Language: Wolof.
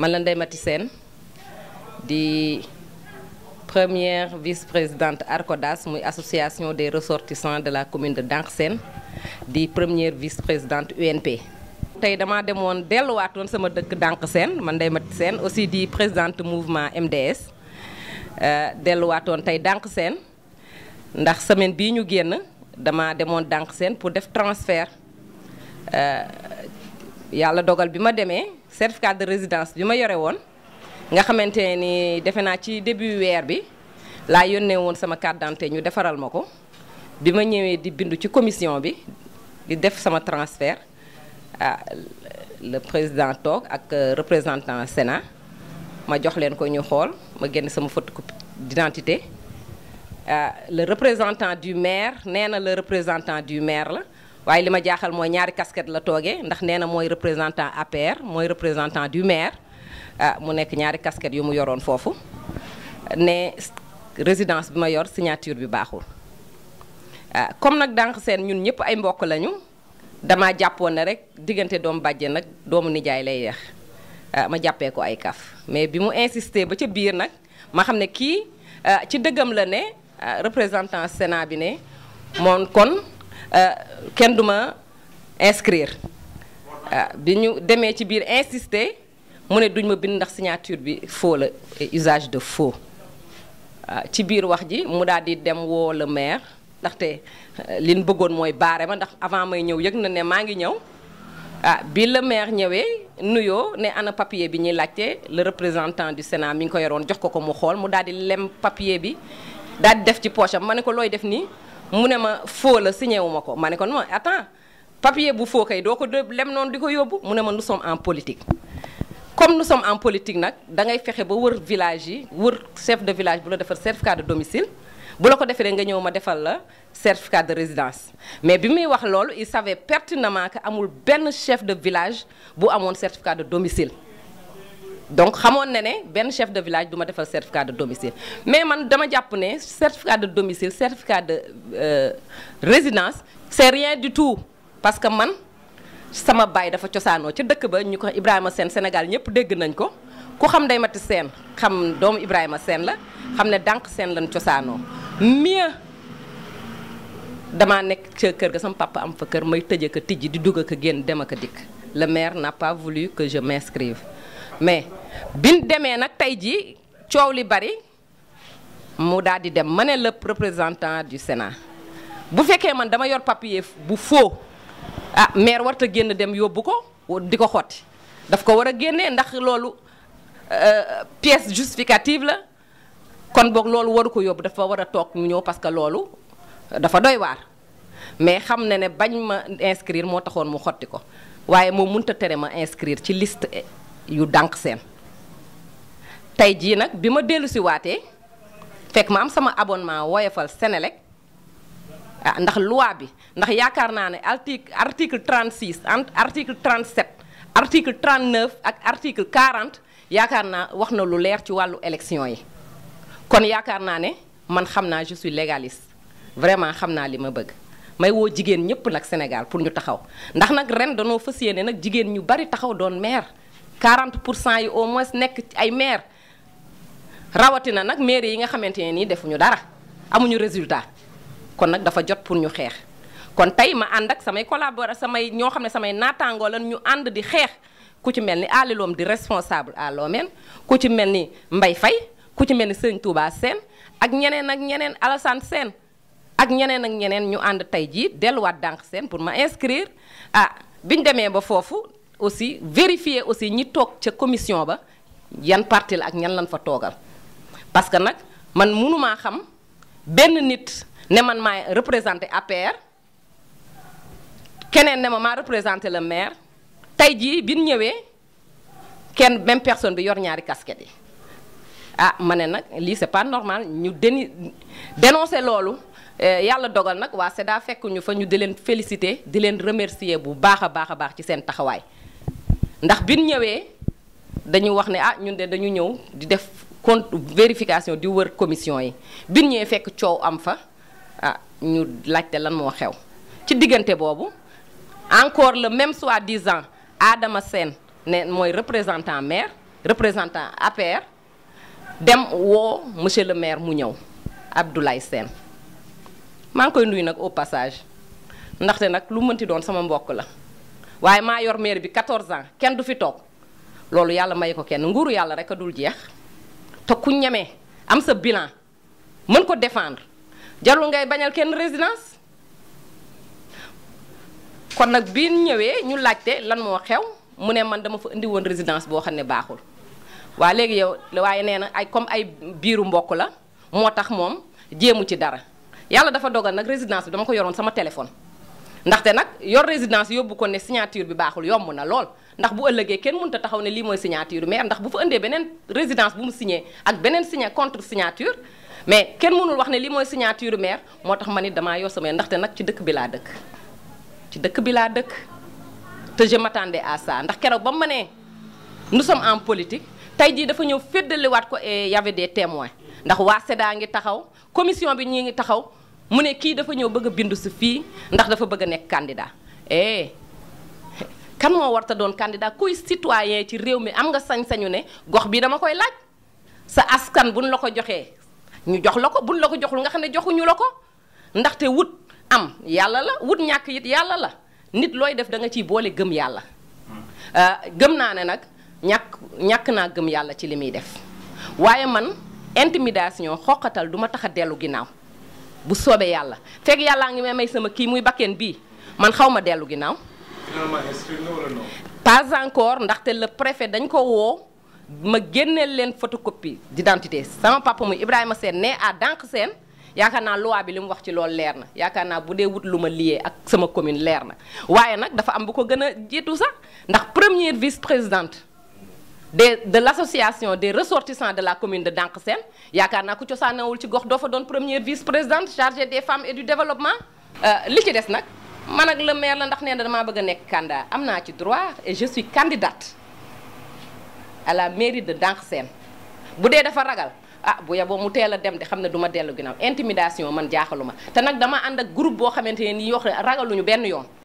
man la Ndeye Maty Sène di première vice-présidente ARCODAS muy association des ressortissants de la commune de Danksen di première vice-présidente UNP tey damaa demoon delluwaatoon sama dëkk seen man Ndeye Maty Sène aussi di présidente mouvement MDS euh, delluwaatoon tey seen ndax semaine bii ñu génn dama demoon seen pour def transfert euh, yàlla dogal bi ma demee certificat de résidence bi ma yore woon nga xamante ni defe naa ci début weer bi laa yónnee woon sama carte d'identité ñu defaral ma ko bi ma ñëwee di bindu ci commission bi di def sama transfert ah le président toog ak euh, représentant Sénat ma jox leen ko ñu xool ma génn sama photocopie d'identité ah le représentant du maire nee na le représentant du maire la. waaye li ma jaaxal mooy ñaari kasket la toogee ndax nee na mooy représentant APR mooy représentant du maire ah mu nekk ñaari casquette yu mu yoroon foofu ne résidence bi ma yor signature bi baaxul ah, comme nag dànq seen ñun ñëpp ay mbokk lañu dama jàppoon ne rek diggante doomu bàjje nag doomu nijaay lay yeex ah, ma jàppee ko ay kaf mais bi mu insister ba ca biir nag ma xam ne kii ah, ci dëggam la ne représentant Sénat bi ne moom kon Euh, kenn du ma inscrire euh, bi ñu demee ci biir insister mu ne duñ ma bind ndax signature bi faux la usage de faux euh, ci biir wax ji mu daal di dem woo le maire ndaxte li ñu bëggoon mooy baare ma ndax avant may ñëw yëg na ne maa ngi ñëw ah bi le maire ñëwee nuyoo ne ana papier bi ñuy laajte le représentant du Sénat mi ngi ko yoroon jox ko ko mu xool mu daal di lem papier bi daal di def ci poche ma ne ko looy def nii. mu ne ma faux la signé ko ma ne ko non attends papier bu faux kay doo ko de lem noonu di ko yóbbu mu ne ma nous sommes en politique. comme nu sommes en politique nag dangay fexe ba wër village yi wër chef de village bu la defal certificat de domicile bu la ko defee nga ñëw ma defal la certificat de résidence mais bi muy wax loolu il savait pertinement que amul benn chef de village bu amoon certificat de domicile. donc xamoon na ne benn chef de village du ma defal certificat de domicile mais man dama jàpp ne certificat de domicile certificat de euh, résidence c'est rien du tout parce que man sama baay dafa cosaanoo ca dëkk ba ñu ko Ibrahima seen Sénégal ñëpp dégg nañ ko ku xam day Maty seen xam doom Ibrahima seen la xam ne dànk seen lañ cosaanoo mieux damaa nekk ca kër ga sama papa am fa kër may tëje ko tijji di dugg ko génn dem ak a dikk le maire n'a pas voulu que je m'inscrive mais biñ demee nag tey jii coow li bari mu daal di dem ma ne la représentant du Sénat bu fekkee man dama yor papier bu faux ah maire warta génn dem yóbbu ko di ko xotti daf ko war a génnee ndax loolu euh, pièce justificative la kon boog loolu waru ko yóbbu dafa war a toog mu ñëw parce que loolu dafa doy waar mais xam na ne bañ ma inscrire moo taxoon mu xotti ko waaye moom mënut a tere ma inscrire ci liste yu dànq seen tey jii nag bi ma dellu si waatee fekk ma am sama abonnement woyofal senelek ah, ndax loi bi ndax yaakaar naa ne article article 36 article 37 article 39 ak article 40 yaakaar naa wax na lu leer ci wàllu élection yi kon yaakaar naa ne man xam naa je suis légaliste vraiment xam naa li ma bëgg may woo jigéen ñëpp nag Sénégal pour ñu taxaw ndax nag ren danoo fas yéene nag jigéen ñu bari taxaw doon maire 40 pour cent yi au moins nekk ci ay maire rawatina nag maire yi nga xamante ne nii defuñu dara amuñu résultat kon nag dafa jot pour ñu xeex. kon tey ma ànd ak samay collaborateur samay ñoo xam ne samay naataangoo lan ñu ànd di xeex ku ci mel ni Ali Lom di responsable à Lomène ku ci mel ni mbay Faye ku ci mel ni Sëñ Touba Sène ak ñeneen ak ñeneen Alassane seen ak ñeneen ak ñeneen ñu ànd tey jii delluwaat dànq seen pour ma inscrire ah biñ demee ba foofu aussi vérifier aussi ñi toog ca commission ba yan parti la ak ñan lan fa toogal parce que nag man mënumaa xam benn nit ne man maa représenté APR keneen ne ma maa représenté le maire tey jii bi ñëwee kenn même personne bi yor ñaari kasket yi ah ma ne nag lii c'est pas normal ñu deni dénoncé loolu eh, yàlla dogal nag waa CEDA fekk ñu fa ñu di leen félicité di leen remercier bu baax a baax a baax ci seen taxawaay ndax bin ñëwee dañu wax ne ah ñun de dañu ñëw di def compte vérification di wër commission yi bin ñëwee fekk coow am fa ah ñu laajte lan moo xew ci diggante boobu encore la même soi-disant Adama Sène ne mooy représentant maire représentant APR dem woo monsieur le maire mu ñëw Abdoulaye seen maa ngi koy nuyu nag au passage ndaxte nag lu mënti doon sama mbokk la waaye maa yor maire bi 14 ans kenn du fi toog loolu yàlla may ko kenn nguuru yàlla rek a dul jeex te ku ñemee am sa bilan mën ko défendre jarul ngay bañal kenn résidence kon nag bi ñëwee ñu laajte lan moo xew mu ne man dama fa indi woon résidence boo xam ne baaxul waa léegi yow waaye nee na ay comme ay biiru mbokk la moo tax moom jéemu ci dara yàlla dafa dogal nag résidence bi dama ko yoroon sama téléphone ndaxte nag yor résidence yóbbu ko ne signature bi baaxul yomb na lool ndax bu ëllëgee kenn mun a taxaw ne lii mooy signature mais ndax bu fa indee beneen résidence bu mu signé ak beneen signé contre signature mais kenn mënul wax ne lii mooy signature maire moo tax ma ni damaa yor sama ndaxte nag ci dëkk bi laa dëkk ci dëkk bi laa dëkk te je m'attendais à ndax keroog ba mu ma nee nous sommes en politique tey jii dafa ñëw féddaliwaat ko et y avait des ndax waa SEDA ngi taxaw commission bi ñii ngi taxaw mu ne kii dafa ñëw bëgg a bindu si fii ndax dafa bëgg a nekk candidat eh kan moo war ta doon candidat kuy citoyen ci réew mi am nga sañ-sañu ne gox bii dama koy laaj sa askan buñ la ko joxee ñu jox la ko buñ la ko joxul nga xam ne joxuñu la ko ndaxte wut am yàlla la wut ñàkk it yàlla la nit looy def da nga ciy boole gëm yàlla hmm. ah, gëm naa ne nag ñàkk ñàkk naa gëm yàlla ci li muy def waaye man intimidation xoqatal du ma tax a dellu ginnaaw bu soobee yàlla fekk yàllaa ngi may may sama kii muy bakken bii man xaw ma dellu ginnaaw. pas encore ndaxte la préfet dañ ko woo ma génneel leen photocopie d'identité sama papa muy Ibrahima seen ne à Dank Sène yaakaar naa loi bi li mu wax ci loolu leer na yaakaar naa bu dee wut lu ma liyee ak sama commune leer na waaye nag dafa am bu ko gën a jiitu sax ndax première vice présidente. de de l'association des ressortissants de la commune de Danksen yaakaar naa ku cosaanawul ci gox doo fa doon première vice présidente chargée de femmes et du développement. Euh, li ci des nag man ak le maire la ndax nee na damaa bëgg a nekk candidat am naa ci droit et je suis candidate à la mairie de Danksen bu dee dafa ragal. ah bu yaboo mu teel a dem de xam ne duma dellu ginnaaw intimidation man jaaxaluma te nag dama ànd ak groupe boo xamante ne nii yoo xam ne benn yoon.